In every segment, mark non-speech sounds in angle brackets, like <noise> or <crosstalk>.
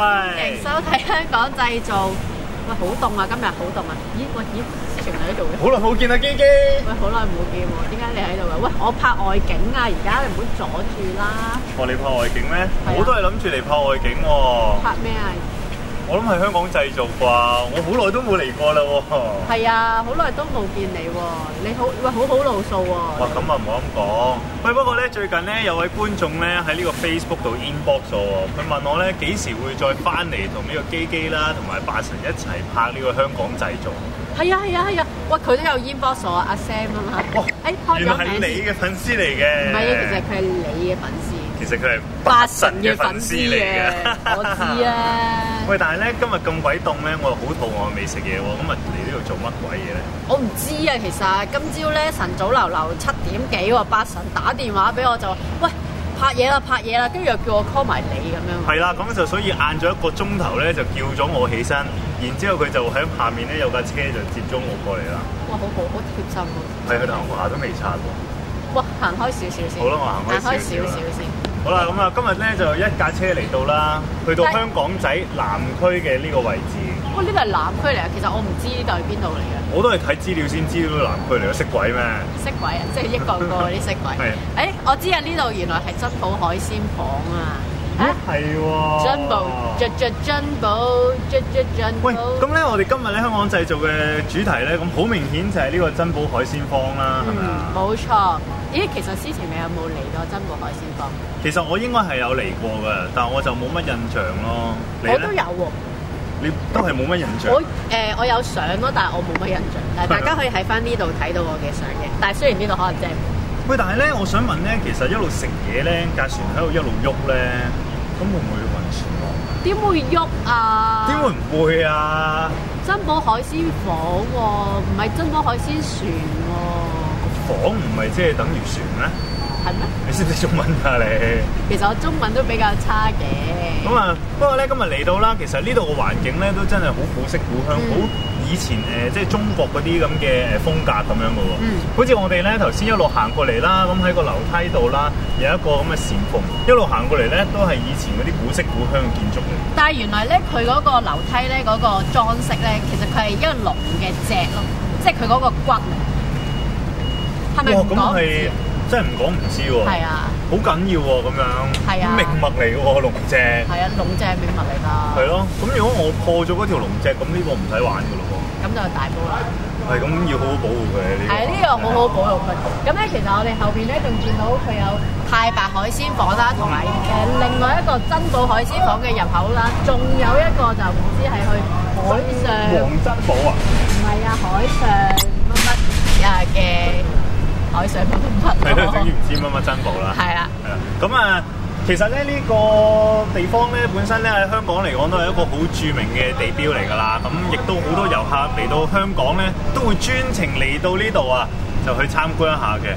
歡迎收睇香港製造。喂，好凍啊今日，好凍啊，咦，喂，咦，斯程你喺度嘅？好耐冇見啦，基基，喂，好耐冇見喎，點解你喺度啊？喂，我拍外景啊，而家你唔好阻住啦，我、哦、你拍外景咩？ <laughs> 我都係諗住嚟拍外景喎，拍咩啊？我諗係香港製造啩，我好耐都冇嚟過啦喎、哦。係啊，好耐都冇見你喎、哦。你好，喂，好好路數喎。哇，咁啊，唔好咁講。喂，不過咧，最近咧有位觀眾咧喺呢個 Facebook 度 inbox 我、哦，佢問我咧幾時會再翻嚟同呢個璣璣啦，同埋八神一齊拍呢個香港製造。係啊，係啊，係啊，喂，佢都有 inbox 阿 Sam 啊嘛。哇，誒，原來係你嘅粉絲嚟嘅。唔係、啊，其實佢係你嘅粉絲。佢係八神嘅粉絲嚟嘅，我知啊。喂，但係咧，今日咁鬼凍咧，我好肚餓，未食嘢喎。咁啊，嚟呢度做乜鬼嘢咧？我唔知啊。其實今朝咧晨早流流七點幾喎，八神打電話俾我就話：喂，拍嘢啦，拍嘢啦！跟住又叫我 call 埋你咁樣。係啦，咁就所以晏咗一個鐘頭咧，就叫咗我起身。然之後佢就喺下面咧有架車就接咗我過嚟啦。哇！好好好貼心喎、啊。係，佢同我牙都未刷喎。哇！行開少少先。好啦，我行開少行開少少先。好啦，咁啊，今日咧就有一架車嚟到啦，去到香港仔是南區嘅呢個位置。哇、哦，呢度係南區嚟啊！其實我唔知呢度係邊度嚟嘅。我都係睇資料先知道，道南區嚟，識鬼咩？識鬼啊！即、就、係、是、一個一個嗰啲識鬼。係 <laughs> 是。誒、欸，我知啊，呢度原來係珍寶海鮮舫啊。啊，係喎、啊。珍寶、哦，珍珍珍寶，珍珍珍。喂，咁咧，我哋今日咧香港製造嘅主題咧，咁好明顯就係呢個珍寶海鮮舫啦，係咪？冇錯。是咦，其實之前你有冇嚟過珍寶海鮮舫？其實我應該係有嚟過嘅，但係我就冇乜印象咯。我都有喎、啊，你都係冇乜印象。我、呃、我有相咯，但係我冇乜印象。誒，大家可以喺翻呢度睇到我嘅相嘅， <laughs> 但係雖然呢度可能正。喂，但係咧，我想問咧，其實一路食嘢咧，架船喺度一路喐咧，咁會唔會暈船會啊？點會喐啊？點會唔會啊？珍寶海鮮舫喎，唔係珍寶海鮮船。舫，唔係即係等於船咩？係咩嗎？你識唔識中文啊你、嗯？其實我中文都比較差嘅。咁啊，不過咧今日嚟到啦，其實環呢度嘅環境咧都真係好古色古香，好、嗯、以前誒、呃，即係中國嗰啲咁嘅誒風格咁樣噶喎、嗯。嗯。好似我哋咧頭先一路行過嚟啦，咁喺個樓梯度啦，有一個咁嘅檐鳳，一路行過嚟咧都係以前嗰啲古色古香嘅建築嚟。但係原來咧，佢嗰個樓梯咧，嗰、那個裝飾咧，其實佢係一個龍嘅脊咯，即係佢嗰個骨。哇，咁係真係唔講唔知喎，係啊，好緊要喎咁樣，咁命脈嚟嘅喎龍脊，係啊，龍脊命脈嚟噶，係咯，咁如果我破咗嗰條龍脊，咁呢個唔使玩噶咯，咁就大鑊啦，係咁要好好保護佢呢，係呢個好好保護佢，咁咧其實我哋後邊咧仲見到佢有太白海鮮舫啦，同埋誒另外一個珍寶海鮮舫嘅入口啦，仲有一個就唔知係去海上，黃珍寶啊，唔係啊，海上乜乜啊嘅。海上乜乜乜，等於唔知乜乜珍寶啦。係啊，係啊。咁啊，其實咧呢個地方咧本身咧喺香港嚟講都係一個好著名嘅地標嚟㗎啦。咁亦都好多遊客嚟到香港咧都會專程嚟到呢度啊，就去參觀一下嘅。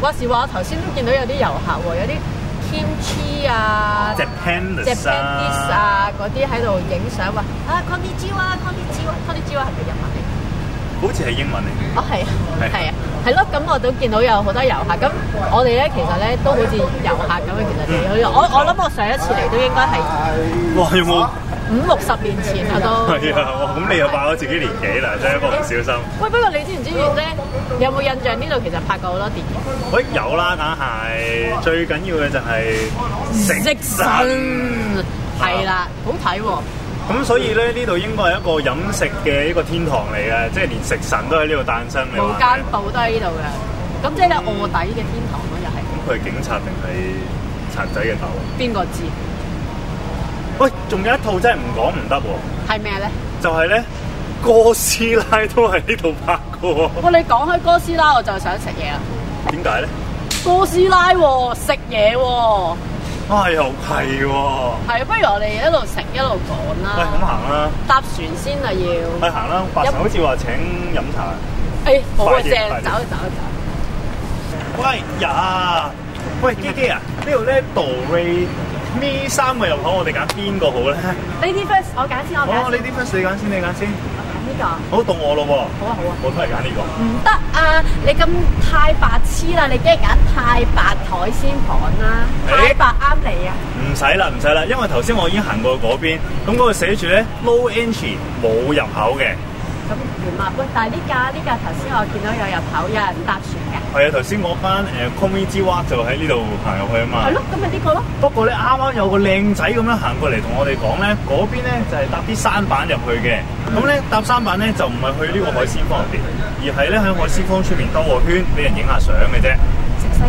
話時話我頭先都見到有啲遊客喎，有啲 kimchi 啊、Japanese 啊嗰啲喺度影相話啊，kimchi 喎，kimchi 喎，kimchi 喎係咪入？好似係英文嚟嘅。哦係，係啊，係咯、啊。咁、啊啊啊、我都見到有好多遊客。咁我哋咧其實咧都好似遊客咁嘅，其實嚟好，實好我我諗我上一次嚟都應該係。哇！有冇五六十年前啊都？係啊，咁你又爆咗自己年紀啦，真係一個唔小心、欸。喂，不過你知唔知咧？有冇印象呢度其實拍過好多電影？喂，有啦，梗係。最緊要嘅就係《食神》息神，係 <laughs> 啦、啊啊，好睇喎、哦。咁所以咧，呢度應該係一個飲食嘅一個天堂嚟嘅，即係連食神都喺呢度誕生。無間道都喺呢度嘅，咁、嗯、即係臥底嘅天堂又係。咁佢係警察定係賊仔嘅頭？邊個知？喂、哎，仲有一套真係唔講唔得喎。係咩咧？就係咧，哥斯拉都喺呢度拍過。喂、哦，你講開哥斯拉，我就想食嘢啊！點解咧？哥斯拉喎、啊，食嘢喎。啊，又係喎！係啊，不如我哋一路食一路講啦。喂，咁行啦。搭船先啊，要。喂，行啦，八神好似話請飲茶。哎，好啊，正，走一走一走。喂呀，喂，璣璣啊，呢度呢度 three 三個入口，我哋揀邊個好咧？Lady first 我揀先，我揀先。哦，Lady first 你揀先，你揀先。呢、這個好到我咯喎，啊！好啊好啊，我都係揀呢個。唔得啊！你咁太白痴啦！你驚揀太白台先講啦？欸，太白啱你啊？唔使啦唔使啦，因為頭先我已經行過嗰邊，咁嗰度寫住咧，low entry 冇入口嘅。咁唔錯喎，但係呢架呢架頭先我見到有入口，有人搭船嘅。係啊，頭先講翻誒 Cominiji Rock 就喺呢度行入去啊嘛。係咯，咁咪呢個咯。不過咧，啱啱有個靚仔咁樣行過嚟同我哋講咧，嗰邊咧就係、是、搭啲山板入去嘅。咁咧、嗯、搭山板咧就唔係去呢個海鮮舫入邊，而係咧喺海鮮舫出邊兜個圈俾人影下相嘅啫。西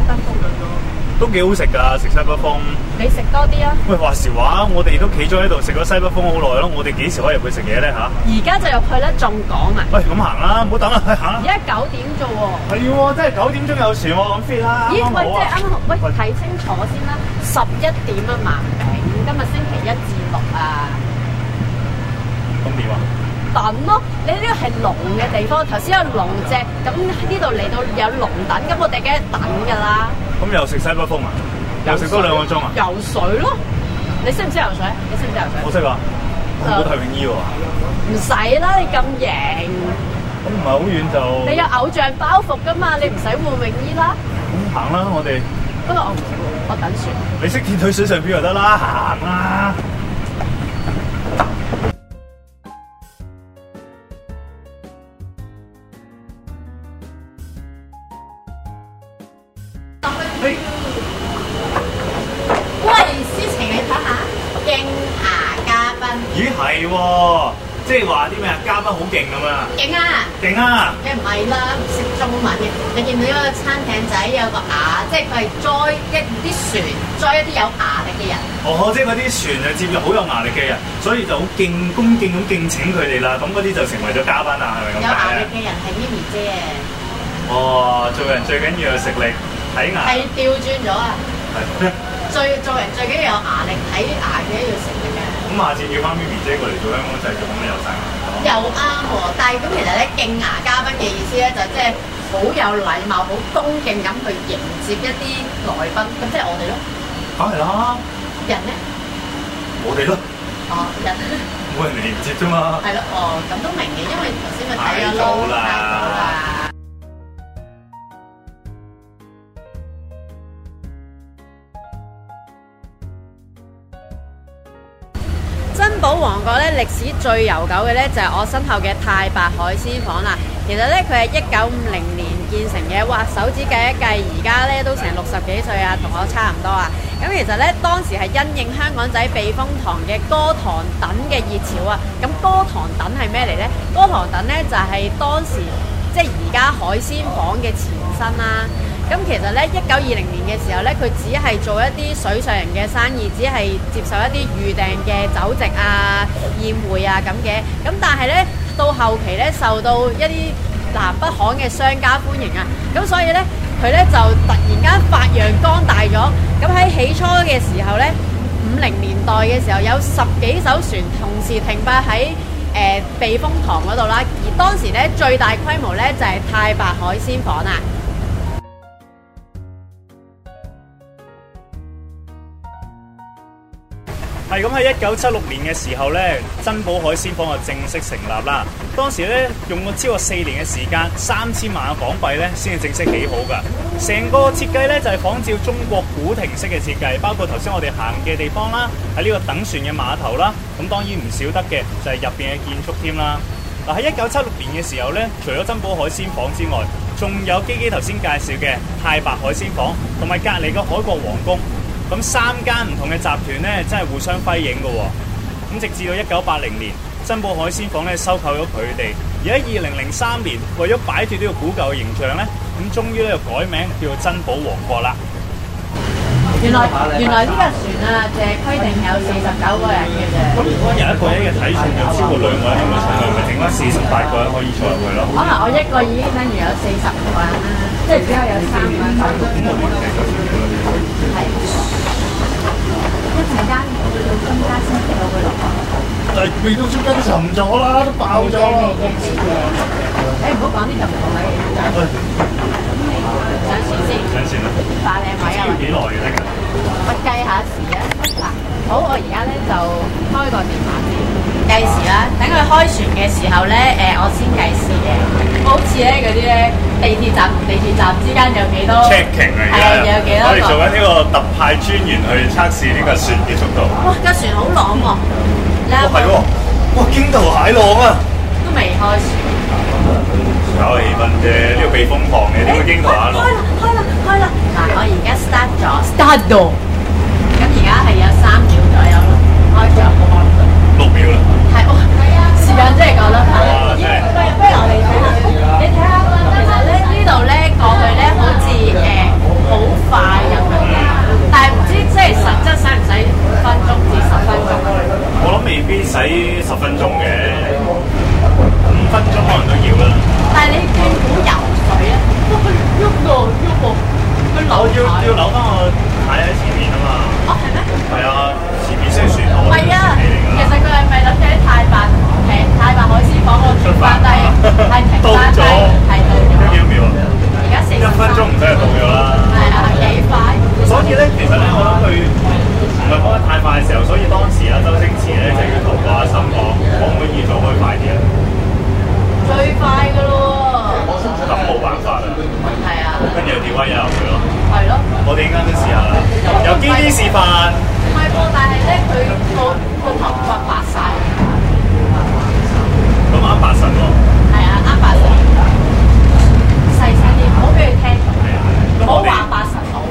都幾好食噶，食西北風。你食多啲啊！喂，話時話，我哋都企咗喺度食咗西北風好耐咯，我哋幾時可以入去食嘢咧吓？而家就入去啦，仲講？啊？哎、啊剛剛喂，咁行啦，唔好等啦，去行啦。而家九點啫喎。係，真係九點鐘有船，咁 fit 啦。咦，喂，係即係啱好？喂，睇喂清楚先啦，十一點啊，盲餅，今日星期一至六啊。咁點啊？等咯，你呢個係龍嘅地方，頭先有龍脊，咁呢度嚟到有龍等。咁我哋梗係等噶啦。 <laughs> 咁又食西北風啊！又食多兩個鐘啊！游水咯，你識唔識游水？你識唔識游水？我識啊，就我冇帶泳衣喎、啊。唔使啦，你咁型、啊。咁唔係好遠就。你有偶像包袱㗎嘛？你唔使換泳衣啦。咁行啦，我哋。不過我唔想，我等船。你識鐵腿水上漂就得啦，行啦、啊。勁咁啊！勁啊！你唔係啦，唔識中文嘅。你見到嗰個餐廳仔有個牙，即係佢係載一啲船，載一啲有牙力嘅人。哦，即係嗰啲船就接嘅好有牙力嘅人，所以就好恭敬咁敬請佢哋啦。咁嗰啲就成為咗嘉賓啊，係咪咁？有牙力嘅人係咪咪姐？哦，做人最緊要係食力睇牙。係調轉咗啊！最做人最緊要有牙力睇牙嘅一樣食力啊！咁下次叫翻咪咪姐過嚟做香港製造咁又得。又啱喎，但係咁其實咧敬牙嘉賓嘅意思咧就即係好有禮貌、好恭敬咁去迎接一啲來賓，咁即係我哋咯。梗係啦。人咧？我哋咯。哦，人。冇人嚟接啫嘛。係咯，哦，咁都明嘅，因為頭先咪睇咗咯。睇到啦。我歷史最悠久嘅呢，就係、是、我身後嘅太白海鮮舫啦。其實呢，佢係一九五零年建成嘅，哇，手指計一計，而家呢都成六十幾歲啊，同我差唔多啊。咁其實呢，當時係因應香港仔避風塘嘅「歌堂」等嘅熱潮啊，咁「歌堂」等係咩嚟呢？「歌堂」等呢，就係、是、當時即係而家海鮮舫嘅前身啦、啊。咁其實咧，一九二零年嘅時候咧，佢只係做一啲水上人嘅生意，只係接受一啲預訂嘅酒席啊、宴會啊咁嘅。咁但係咧，到後期咧，受到一啲南北行嘅商家歡迎啊，咁所以咧，佢咧就突然間發揚光大咗。咁喺起初嘅時候咧，五零年代嘅時候有十幾艘船同時停泊喺誒、呃、避風塘嗰度啦。而當時咧最大規模咧就係、是、太白海鮮舫啦。咁喺一九七六年嘅時候呢，珍寶海鮮舫就正式成立啦。當時呢，用咗超過四年嘅時間，三千萬嘅港幣呢先至正式起好噶。成個設計呢，就係、是、仿照中國古亭式嘅設計，包括頭先我哋行嘅地方啦，喺呢個等船嘅碼頭啦。咁當然唔少得嘅就係入邊嘅建築添啦。嗱喺一九七六年嘅時候呢，除咗珍寶海鮮舫之外，仲有璣璣頭先介紹嘅太白海鮮舫同埋隔離嘅海國皇宮。咁三間唔同嘅集團咧，真係互相輝映嘅喎。咁直至到一九八零年，珍寶海鮮舫咧，收購咗佢哋。而喺二零零三年，為咗擺脱呢個古舊嘅形象咧，咁終於咧就改名叫做珍寶王國啦。原來原來呢架船啊，就規定有四十九個人嘅。如果一個人嘅體重有超過兩個人嘅體重，咪剩翻四十八個可以坐入去咯。可能我一個已經等於有四十個人啦，即係只有有三個人。咁我哋其實最多係一陣間，最多增加先四個落去。但係未到增加都沉咗啦，都爆咗。你唔好講啲咁無理嘅嘢。上船先。上船啦。百零米啊。要幾耐嘅得咧？我計下時啊。嗱，好，我而家咧就開個電話計時啦。等佢開船嘅時候咧，誒、呃，我先計時嘅。好似咧嗰啲咧，地鐵站地鐵站之間有幾多？checking 啊。係是我哋做緊呢個特派專員去測試呢個船嘅速度。哇，架船好浪係、啊、喎、哦哦。哇，驚濤駭浪啊！都未開船。搞氣氛啫，呢個避風塘嘅呢個經典畫廊。開啦開啦開啦！但係我而家 start 咗，start 到。咁而家係有三秒左右，開咗六秒啦。係，係啊！時間真係過得快。啊，真係。不如我哋睇下，你睇下。其實咧，呢度咧過去咧，好似誒好快入去嘅，但係唔知即係實質使唔使五分鐘至十分鐘？我諗未必使十分鐘嘅，五分鐘可能都要啦。但係你見唔見到游水啊？喐喐度喐步，佢扭要要扭翻去擺喺前面啊嘛。哦，係咩？係啊，前面先算海飛嚟㗎。唔係啊，其實佢係咪諗住喺太白，係太白海鮮舫嗰度？快，但係係停山雞，係到咗。幾多秒啊？而家四分。一分鐘唔使係到咗啦。係啊，幾快？所以咧，其實咧，我諗佢唔係講得太快嘅時候，所以當時咧，周星馳咧就要同嗰阿心講，可唔可以做開快啲啊？最快㗎咯。冇辦法啦，係啊，跟住電話又入去咯，係咯，我哋啱啱都試下啦，有機啲示範。唔係噃，但係咧，佢個個頭髮白曬，咁啱八十咯，係啊，啱八十，細聲啲，唔好俾佢聽，唔好話八十佬，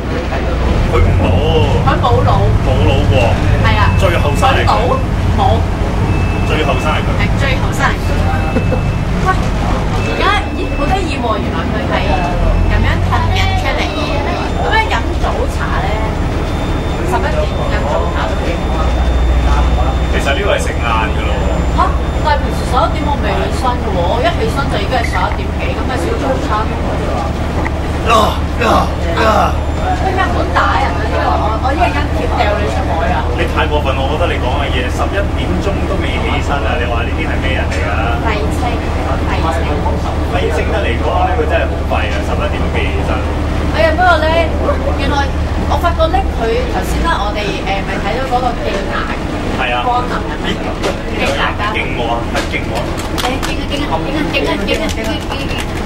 佢唔老，佢冇腦，冇腦喎，係啊，最後生嚟嘅，補。最後生係佢。係最後生。日。喂，而家咦好得意喎，原來佢係咁樣吸引出嚟。咁樣飲早茶咧，十一點飲早茶都幾好啊。其實呢個係食晏㗎咯。嚇，但係平時十一點我未起身㗎喎，我一起身就已經係十一點幾，咁咪少早餐。啊啊啊！你唔好打人啊！我我一陣間掉你出海啊！你太過分，我覺得你講嘅嘢，十一點鐘都未起身啊！你話呢啲係咩人嚟噶？明星，明星，明星得嚟講咧，佢真係好貴啊！十一點都未起身。哎呀不過咧，原來我發覺咧，佢頭先咧，我哋誒咪睇到嗰個鏡眼，光能嘅鏡眼㗎。鏡光係鏡光。嚟鏡啊鏡啊鏡啊鏡啊！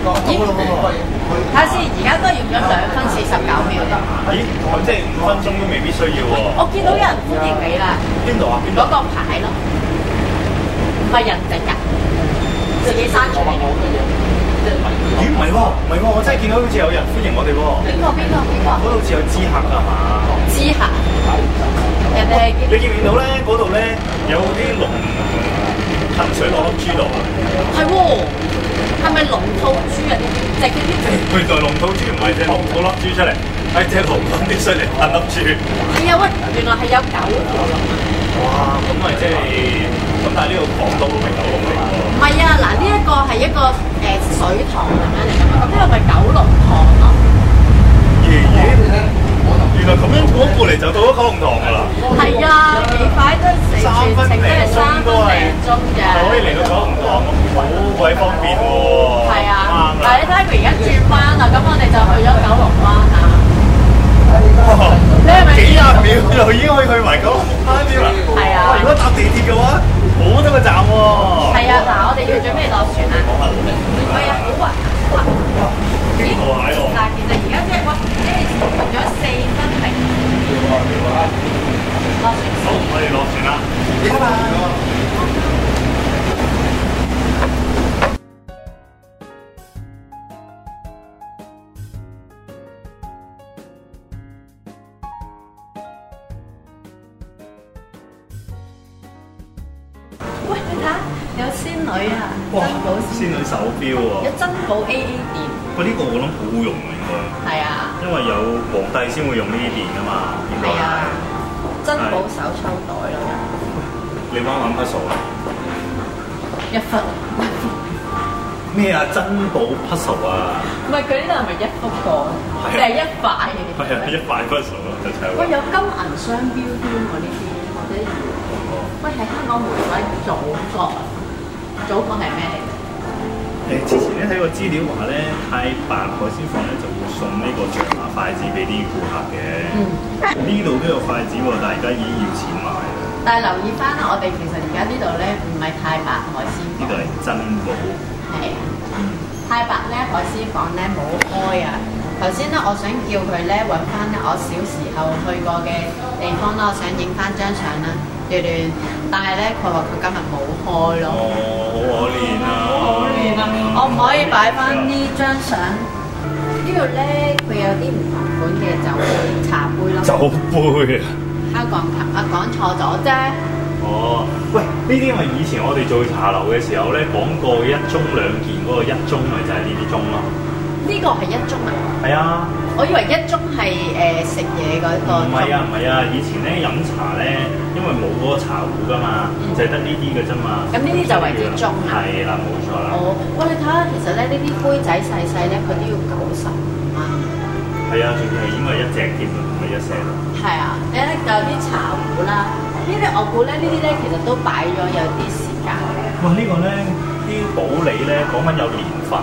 睇下先，而家都用咗兩分四十九秒得閒。咦，咁即係五分鐘都未必需要喎。我見到有人歡迎你啦。邊度啊？攞個牌咯，唔係人整噶，自己生出嚟。咦，唔係喎，唔係喎，我真係見到好似有人歡迎我哋喎。邊個？邊個？邊個？嗰度好似有知客㗎嘛？知客。人哋你見唔見到咧？嗰度咧有啲龍噴水落粒豬腦。係喎。係咪龍套豬啊？即係啲。現代龍套豬唔係啫，冇冇粒豬出嚟。哎，隻龍粉啲犀利，冇粒豬。係啊，喂， <laughs> 原來係有九，就是九龍啊！哇，咁咪即係，咁但係呢個廣東唔係九龍嚟。唔係啊，嗱，呢一個係一個誒水塘係咪嚟？呢個咪九龍塘嗬。魚魚原來咁樣過咗過嚟就到咗九龍塘噶啦，係啊，幾快都係三分零鐘都係三分零鐘嘅，可以嚟到九龍塘，好鬼方便喎。係啊，啱啊。但係你睇佢而家轉彎啦，咁我哋就去咗九龍灣啊。你係咪幾廿秒就已經可以去埋九龍灣添啦？係啊。如果搭地鐵嘅話，好多個站喎。係啊，嗱，我哋要準備落船啦。好啊，好啊，好啊。但其實而家即係我即係換咗四分零。落船，落船啦！好，可以落船啦。因為有皇帝先會用呢啲電噶嘛，係啊，珍是寶手抽袋嚟你幫我揾筆數啊！一分咩啊？珍寶 puzzle 啊？唔係佢呢度係咪一幅個？係啊， <laughs> 定係一塊？係啊， <laughs> 一塊 puzzle 咯，就齊位。喂、啊，有金銀雙標添喎呢啲，或者要？喂，喺香港玫瑰祖國啊，祖國係咩嚟？誒，之、欸、前咧睇過資料話咧，太白海鮮舫咧就。送呢個象牙筷子俾啲顧客嘅，呢度都有筷子喎，但而家已經要錢買啦。但係留意翻啦，我哋其實而家呢度咧唔係太白海鮮舫，呢度係珍寶。係啊，太白咧海鮮舫咧冇開啊。頭先咧，我想叫佢咧揾翻我小時候去過嘅地方啦，我想影翻張相啦，結斷。但係咧，佢話佢今日冇開咯，好可憐啊！哦、好可憐啊！我唔可以擺翻呢張相。呢度咧，佢有啲唔同款嘅酒杯、茶杯咯。酒杯啊！香琴，我、啊、講錯咗啫。哦，喂，呢啲咪以前我哋做茶樓嘅時候咧講過一盅兩件嗰、嗰個一盅咪就係呢啲盅咯。呢個係一盅啊！係啊！我以為一盅係誒食嘢嗰個。唔係啊，唔係啊！以前咧飲茶咧，因為冇嗰個茶壺噶嘛，就係得呢啲嘅啫嘛。咁呢啲就為啲盅係啦，冇錯啦。我我你睇下，其實咧呢啲杯仔細細咧，佢都要九十啊！係啊，仲要係應該係一隻添，唔係一隻。係啊，誒有啲茶壺啦，呢啲我估咧呢啲咧其實都擺咗有啲時間。哇！呢個咧啲普洱咧講緊有年份。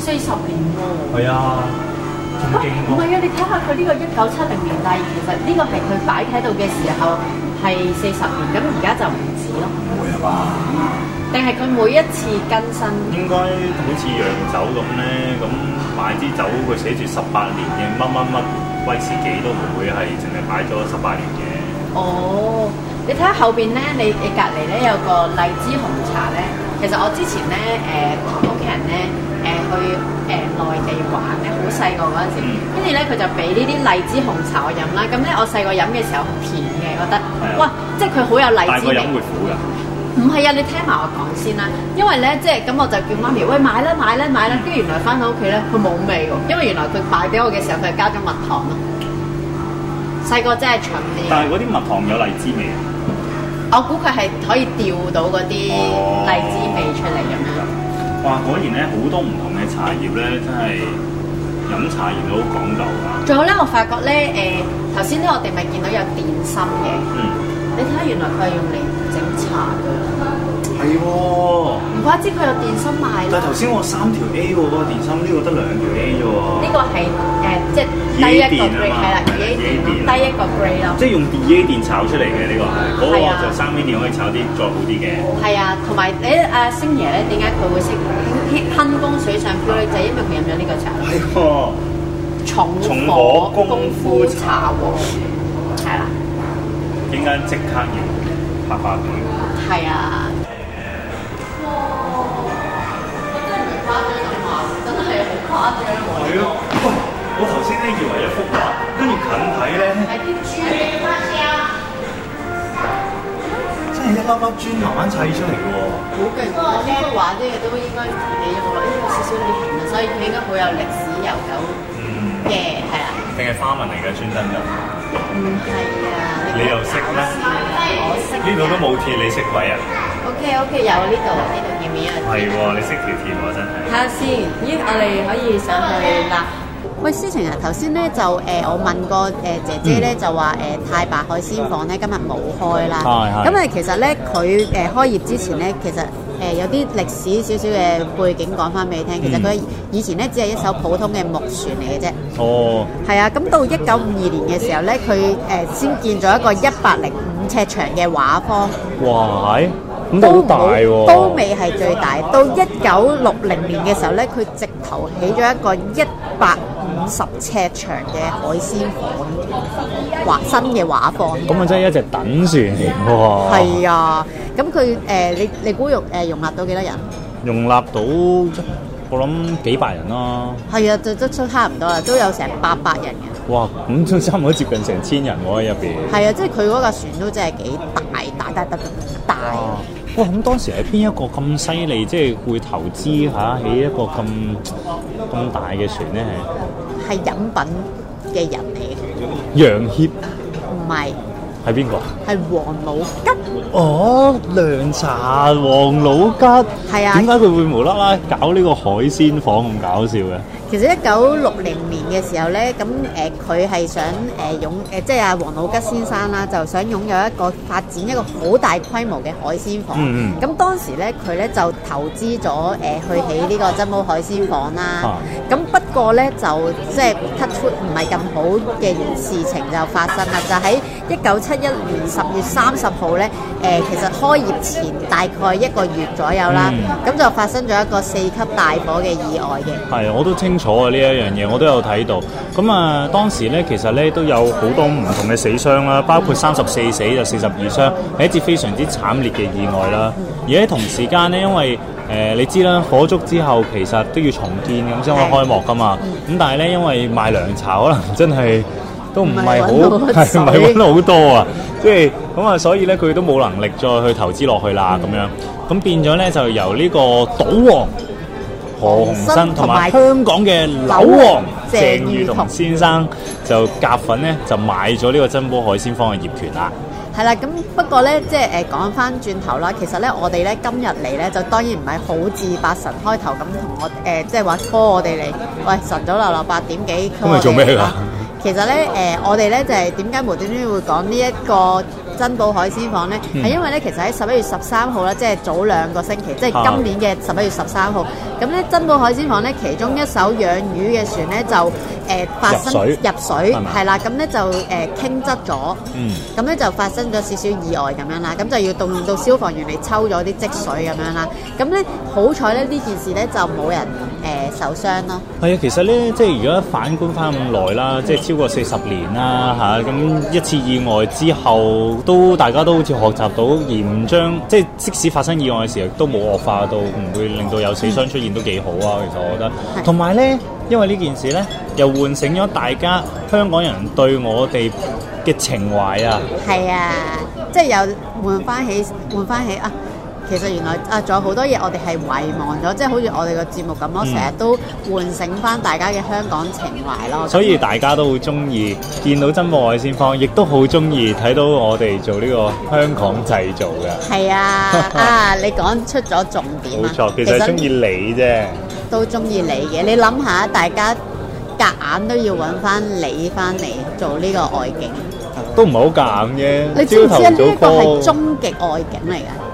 四十年喎。係啊，唔勁喎。唔係啊，你睇下佢呢個一九七零年代，其實呢個係佢擺喺度嘅時候係四十年，咁而家就唔止咯。唔會啊嘛。定係佢每一次更新？應該好似洋酒咁咧，咁買支酒佢寫住十八年嘅乜乜乜威士忌都唔會係淨係擺咗十八年嘅。哦，你睇下後邊咧，你你隔離咧有個荔枝紅茶咧，其實我之前咧誒同屋企人咧。誒、呃，去誒內地玩咧，好細個嗰陣時，跟住咧佢就俾呢啲荔枝紅茶我飲啦。咁咧我細個飲嘅時候，時候甜嘅，覺得，啊、哇，即係佢好有荔枝味。但係飲會苦噶？唔係啊，你聽埋我講先啦。因為咧，即係咁我就叫媽咪，喂，買啦，買啦，買啦。跟住原來翻到屋企咧，佢冇味喎，因為原來佢買俾我嘅時候，佢係加咗蜜糖咯。細、啊、個真係窮啲。但係嗰啲蜜糖有荔枝味啊？我估佢係可以調到嗰啲荔枝味出嚟咁樣。哦哇！果然咧，好多唔同嘅茶葉咧，真係飲茶葉都好講究啊！仲有咧，我發覺咧，誒頭先咧，我哋咪見到有電芯嘅，嗯、你睇下原來佢係用嚟整茶嘅。係喎，唔怪之佢有電芯賣。但係頭先我三條 A 喎，電芯呢個得兩條 A 啫喎。呢個係誒，即係低電啊嘛，低低電，低一個 grade 咯。即係用低 A 電炒出嚟嘅呢個，嗰個就三 A 電可以炒啲再好啲嘅。係啊，同埋誒阿星爺咧，點解佢會識輕功水上漂咧？就係因為佢飲咗呢個茶。係喎，重火功夫茶，係啦。點解即刻要拍發表？係啊。誇張佢我頭先咧以為一幅畫，跟住近睇咧，係啲磚。真係一粒粒磚慢慢砌出嚟嘅喎。好勁。嗯，呢幅畫嘢都應該幾耐，應該少少年份，所以佢應該好有歷史悠久嘅。係啊。定係花紋嚟嘅專登噶？唔係啊。你又識咩？我識。呢度都冇貼，你識鬼啊？O K O K，有呢度呢度見面啊，係喎，吧你識條線喎，真係睇下先。咦，我哋可以上去啦。喂，斯程啊，頭先咧就誒、呃，我問過誒、呃、姐姐咧就話誒太白海鮮舫咧今日冇開啦。係咁誒，其實咧佢誒開業之前咧，其實誒、呃、有啲歷史少少嘅背景講翻俾你聽。嗯、其實佢以前咧只係一艘普通嘅木船嚟嘅啫。哦。係啊，咁到一九五二年嘅時候咧，佢誒先建咗一個一百零五尺長嘅畫舫。哇！都大喎，都未係最大。到一九六零年嘅時候咧，佢直頭起咗一個一百五十尺長嘅海鮮館，畫新嘅畫舫。咁啊，真係一隻等船喎。係啊，咁佢誒你你估用誒容納到幾多人？容納到我諗幾百人咯。係啊，就就差唔多啦，都有成八百人嘅。哇，咁真係差唔多接近成千人喎喺入邊。係啊，即係佢嗰個船都真係幾大大大大。咁當時係邊一個咁犀利，即係會投資嚇起一個咁咁大嘅船咧？係飲品嘅人嚟，楊協唔係，係邊個啊？係王老吉哦，涼茶王老吉，係啊，點解佢會無啦啦搞呢個海鮮舫咁搞笑嘅？其實一九六零嘅時候咧，咁，誒佢係想誒擁誒，即係阿王老吉先生啦、啊，就想擁有一個發展一個好大規模嘅海鮮舫。咁、嗯嗯、當時咧，佢咧就投資咗誒去起呢個珍寶海鮮舫啦、啊。咁、啊、不個咧就即係突出唔係咁好嘅事情就發生啦，就喺一九七一年十月三十號咧，誒、呃、其實開業前大概一個月左右啦，咁、嗯、就發生咗一個四級大火嘅意外嘅。係，我都清楚啊呢一樣嘢，我都有睇到。咁啊，當時咧其實咧都有好多唔同嘅死傷啦，包括三十四死就四十二傷，係一次非常之慘烈嘅意外啦。嗯、而喺同時間咧，因為誒、呃，你知啦，火燭之後其實都要重建嘅，咁先可以開幕噶嘛。咁、嗯、但係咧，因為賣涼茶可能真係都唔係好，係唔係揾到好多啊？即係咁啊，所以咧佢都冇能力再去投資落去啦，咁、嗯、樣咁變咗咧就由呢個賭王何鴻燊同埋香港嘅樓王鄭裕彤先生就夾份咧就買咗呢個珍寶海鮮舫嘅業權啦。係啦，咁 <noise> 不過咧，即係誒，講翻轉頭啦，其實咧，我哋咧今日嚟咧，就當然唔係好似八神開頭咁同我誒，即係話 call 我哋嚟。喂，晨早流流八點幾，咁嚟做咩噶？其實咧，誒、呃，我哋咧就係點解無端端會講呢一個？珍寶海鮮舫咧，係因為咧，其實喺十一月十三號啦，即係早兩個星期，即係今年嘅十一月十三號。咁咧，珍寶海鮮舫咧，其中一艘養魚嘅船咧，就誒發生入水係啦，咁咧就誒傾側咗，咁咧就發生咗少少意外咁樣啦，咁就要動用到消防員嚟抽咗啲積水咁樣啦。咁咧好彩咧，呢件事咧就冇人誒受傷咯。係啊，其實咧，即係如果反觀翻咁耐啦，即係超過四十年啦，吓，咁一次意外之後。都大家都好似學習到，而唔將，即係即使發生意外嘅時候，都冇惡化到，唔會令到有死傷出現都，都幾好啊！其實我覺得，同埋是呢，因為呢件事呢，又喚醒咗大家香港人對我哋嘅情懷啊！係啊，即係又換翻起，換翻起啊！其實原來啊，仲有好多嘢我哋係遺忘咗，即係好似我哋個節目咁咯，成日都喚醒翻大家嘅香港情懷咯。所以大家都好中意見到珍寶海鮮舫，亦都好中意睇到我哋做呢個香港製造嘅。係啊，啊你講出咗重點啊！冇錯，其實中意你啫。都中意你嘅，你諗下，大家夾硬都要揾翻你翻嚟做呢個外景，都唔係好夾硬啫。你知唔知呢個係終極外景嚟㗎？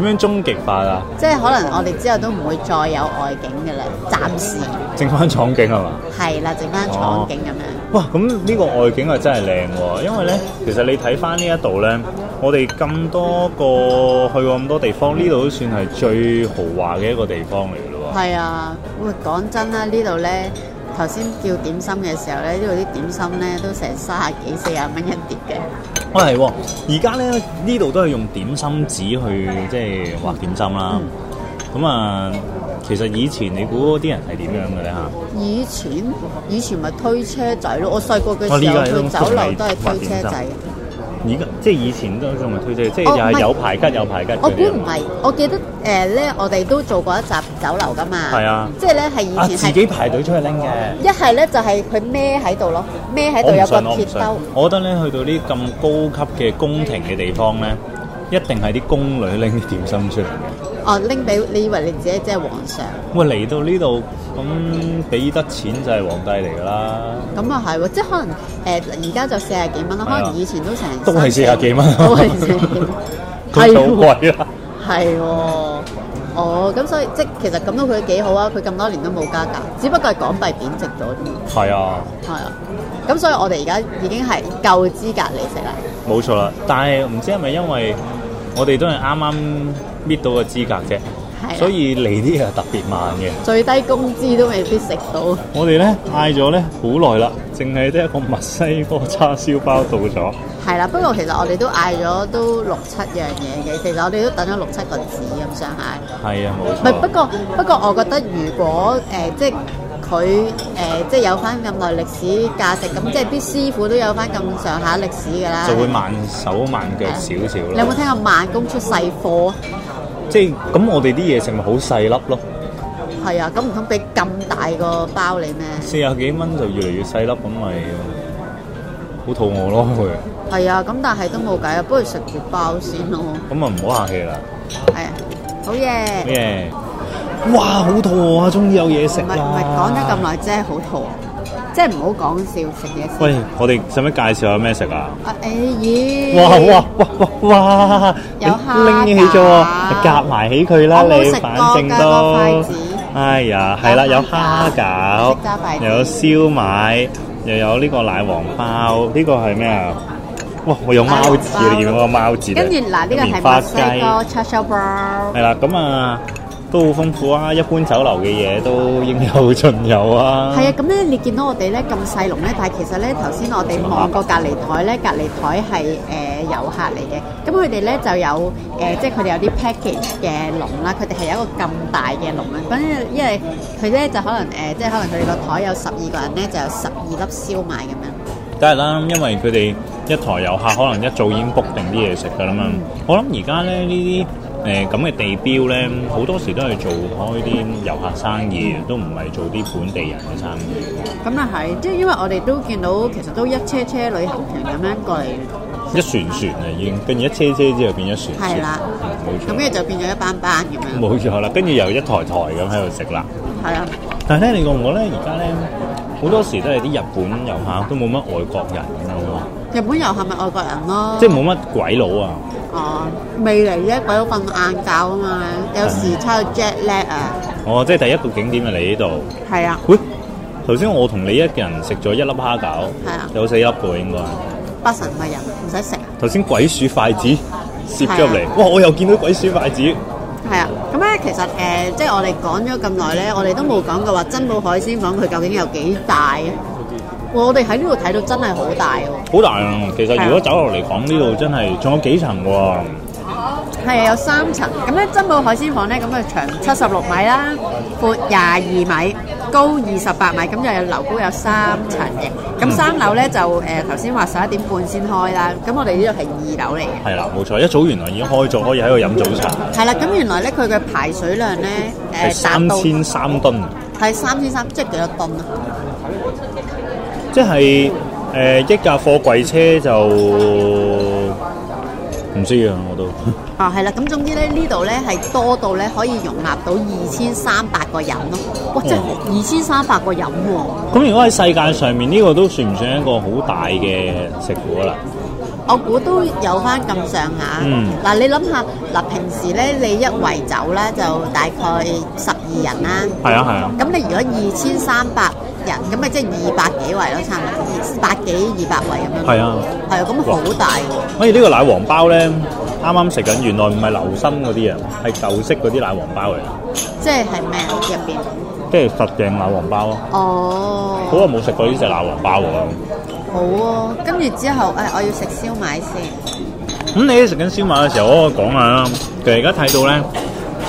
點樣終極化啊？即係可能我哋之後都唔會再有外景嘅啦，暫時。剩翻廠景係嘛？係啦，剩翻廠景咁樣。哇！咁呢個外景係真係靚喎，因為咧，其實你睇翻呢一度咧，我哋咁多個去過咁多地方，呢度都算係最豪華嘅一個地方嚟咯。係啊！喂，講真啦，呢度咧，頭先叫點心嘅時候咧，呢度啲點心咧都成三十幾、四十蚊一碟嘅。我係喎，而家咧呢度都係用點心紙去即係畫點心啦。咁啊、嗯嗯，其實以前你估啲人係點樣嘅咧嚇？以前以前咪推車仔咯，我細個嘅時候去酒樓都係推車仔。即係以前都仲係推車，即係又係有排吉，有排吉。我估唔係，我記得誒咧、呃，我哋都做過一集酒樓噶嘛。係啊，即係咧係以前、啊、自己排隊出去拎嘅。啊呢就是、一係咧就係佢孭喺度咯，孭喺度有個鐵兜。我信 <laughs> 覺得咧，去到啲咁高級嘅宮廷嘅地方咧，一定係啲宮女拎啲點心出嚟嘅。哦，拎俾你以為你自己即係皇上。喂，嚟到呢度咁俾得錢就係皇帝嚟㗎啦。咁啊係喎，即係可能誒而家就四啊幾蚊啦，可能以前都成都係四啊幾蚊。都係四啊幾蚊，係好貴啦。係喎，哦咁所以即係其實咁多佢幾好啊，佢咁多年都冇加價，只不過係港幣貶值咗啲嘛。係啊，係啊，咁所以我哋而家已經係夠資格嚟食啦。冇錯啦，但係唔知係咪因為我哋都係啱啱，搣到個資格啫，所以嚟啲又特別慢嘅。最低工資都未必食到。我哋咧嗌咗咧好耐啦，淨係得一個墨西哥叉燒包到咗。係啦，不過其實我哋都嗌咗都六七樣嘢嘅，其實我哋都等咗六七個字咁上下。係啊，冇錯。不過不過我覺得如果誒即係佢誒即係有翻咁耐歷史價值咁，即係啲師傅都有翻咁上下歷史㗎啦。就會慢手慢腳少少啦。你有冇聽過慢工出細貨？即係咁，我哋啲嘢食咪好細粒咯。係啊，咁唔通俾咁大個包你咩？四廿幾蚊就越嚟越細粒，咁咪好肚餓咯佢。係啊，咁但係都冇計啊，不如食住包先咯。咁咪唔好客氣啦。係啊，好嘢。好嘢。哇！好肚餓啊，終於有嘢食啦。唔係唔係，講咗咁耐，真係好肚餓。即係唔好講笑，食嘢先。喂，我哋使唔使介紹下咩食啊？啊誒咦！哇哇哇哇哇！有蝦餃，夾埋起佢啦！你反正都筷子哎呀，係啦，有蝦餃，又有燒賣，又有呢個奶黃包。呢個係咩啊？哇！我有貓字，見唔見個貓字？跟住嗱，呢個係咩？呢個叉燒包。係啦，咁啊。都好豐富啊！一般酒樓嘅嘢都應有盡有啊！係啊，咁咧你見到我哋咧咁細籠咧，但係其實咧頭先我哋望過隔離台咧，隔離台係誒遊客嚟嘅，咁佢哋咧就有誒、呃，即係佢哋有啲 package 嘅籠啦，佢哋係有一個咁大嘅籠啊，咁因為佢咧就可能誒、呃，即係可能佢哋個台有十二個人咧，就有十二粒燒賣咁樣。梗係啦，因為佢哋一台遊客可能一早已經 book 定啲嘢食噶啦嘛。嗯、我諗而家咧呢啲。誒咁嘅地標咧，好多時都係做開啲遊客生意，都唔係做啲本地人嘅生意。咁啊係，即係因為我哋都見到，其實都一車車旅行團咁樣過嚟，一船船啊已經，跟住一車車之後變一船船，係啦，冇錯。咁跟住就變咗一班班咁樣，冇錯啦。跟住又一台台咁喺度食啦，係啊。但係咧，你講我咧，而家咧好多時都係啲日本遊客，都冇乜外國人咁樣喎。日本遊客咪外國人咯，即係冇乜鬼佬啊。哦，未嚟咧，鬼都瞓晏覺啊嘛，的有時差去 jet lag 啊。哦，即係第一個景點啊，嚟呢度。係啊、欸。喂，頭先我同你一人食咗一粒蝦餃，的有四粒嘅應該。八神唔係人，唔使食啊。頭先鬼鼠筷子攝咗入嚟，的哇！我又見到鬼鼠筷子。係啊，咁、嗯、咧其實誒、呃，即係我哋講咗咁耐咧，我哋都冇講過話，珍寶海鮮舫佢究竟有幾大？我哋喺呢度睇到真係好大喎、哦！好大啊！其實如果走落嚟講，呢度 <noise> 真係仲有幾層喎、啊。係啊，有三層。咁咧，珍寶海鮮舫咧，咁啊，長七十六米啦，闊廿二米，高二十八米，咁又有樓高有三層嘅。咁三樓咧就誒頭先話十一點半先開啦。咁我哋呢度係二樓嚟。係啦、啊，冇錯，一早原來已經開咗，可以喺度飲早茶。係啦、啊，咁原來咧佢嘅排水量咧係三千三噸。係三千三，即係幾多噸啊？即係誒，一架貨櫃車就唔需要啊，我都啊係啦。咁總之咧，呢度咧係多到咧可以容納到二千三百個人咯。哇，真係二千三百個人喎！咁如果喺世界上面呢個都算唔算一個好大嘅食府啊？我估都有翻咁上下。嗱，你諗下，嗱，平時咧你一圍走咧就大概十二人啦。係啊係啊。咁你如果二千三百？人咁咪即係二百幾位咯，差唔多二百幾二百位咁樣。係啊，係啊，咁好大喎。所以呢個奶黃包咧，啱啱食緊，原來唔係流心嗰啲啊，係舊式嗰啲奶黃包嚟。即係係咩入邊？即係實淨奶黃包啊！哦，好耐冇食過呢隻奶黃包喎。好啊，跟住之後誒，我要食燒賣先。咁你食緊燒賣嘅時候，我講下啦。其實而家睇到咧，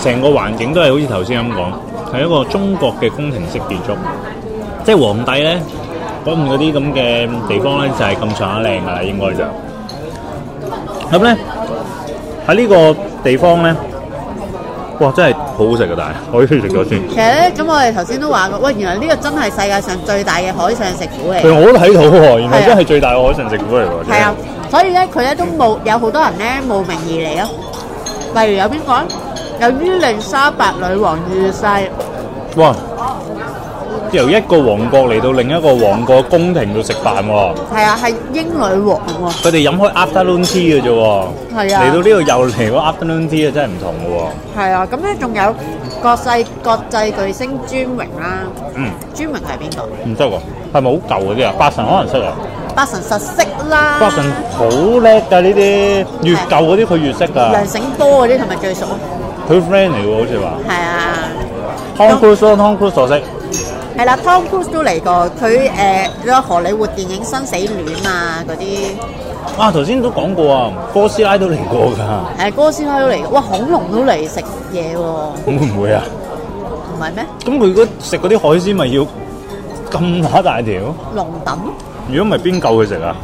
成個環境都係好似頭先咁講，係一個中國嘅宮廷式建築。即係皇帝咧，嗰邊嗰啲咁嘅地方咧，就係咁長啊，靚噶啦，應該就咁咧。喺呢個地方咧，哇，真係好好食噶，但係我依家先食咗先。其實咧，咁我哋頭先都話過，喂，原來呢個真係世界上最大嘅海上食府嚟。其實我都睇到喎，原來真係最大嘅海上食府嚟喎。係啊，所以咧，佢咧都冇有好多人咧慕名而嚟咯。例如有邊個？有伊利沙白女王遇世。哇！由一個王國嚟到另一個王國宮廷度食飯喎，係啊，係英女王喎。佢哋飲開 Afternoon Tea 嘅啫喎，係啊。嚟到呢度又嚟個 Afternoon Tea 啊，真係唔同嘅喎。係啊，咁咧仲有國際國際巨星專榮啦，嗯，專榮係邊個？唔識喎，係咪好舊嗰啲啊？八神可能識啊，八神實識啦，八神好叻㗎，呢啲越舊嗰啲佢越識㗎。梁醒波嗰啲同埋最熟咯，佢 friend 嚟喎，好似話係啊，Tom Cruise，Tom Cruise 識。係啦，Tom Cruise 都嚟過，佢，誒，嗰個荷里活電影《生死戀》啊，嗰啲。啊，頭先都講過啊，哥斯拉都嚟過噶。係，哥斯拉都嚟過，哇，恐龍都嚟食嘢喎。會唔會啊？唔係咩？咁佢嗰食嗰啲海鮮咪要咁乸大條？龍躉？如果唔係邊夠佢食啊？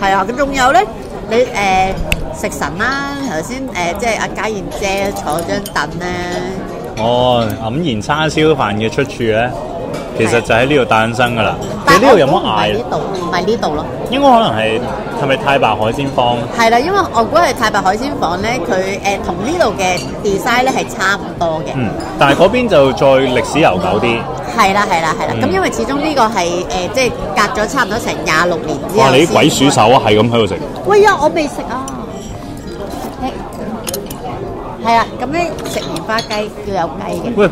係啊，咁仲有咧？你誒食神啦，頭先誒即係阿家賢姐坐張凳咧。哦，黯然叉燒飯嘅出處咧？其實就喺呢度誕生噶啦，喺呢度有冇嗌？唔係呢度，唔係呢度咯。應該可能係係咪太白海鮮舫。係啦， <noise> 因為我估係太白海鮮舫咧，佢誒同呢度嘅 design 咧係差唔多嘅。嗯，但係嗰邊就再歷史悠久啲。係啦係啦係啦，咁、嗯、因為始終呢個係誒、呃、即係隔咗差唔多成廿六年之後。哇！你啲鬼鼠手啊，係咁喺度食。喂呀！我未食啊。係啊，咁咧食完花雞要有雞嘅。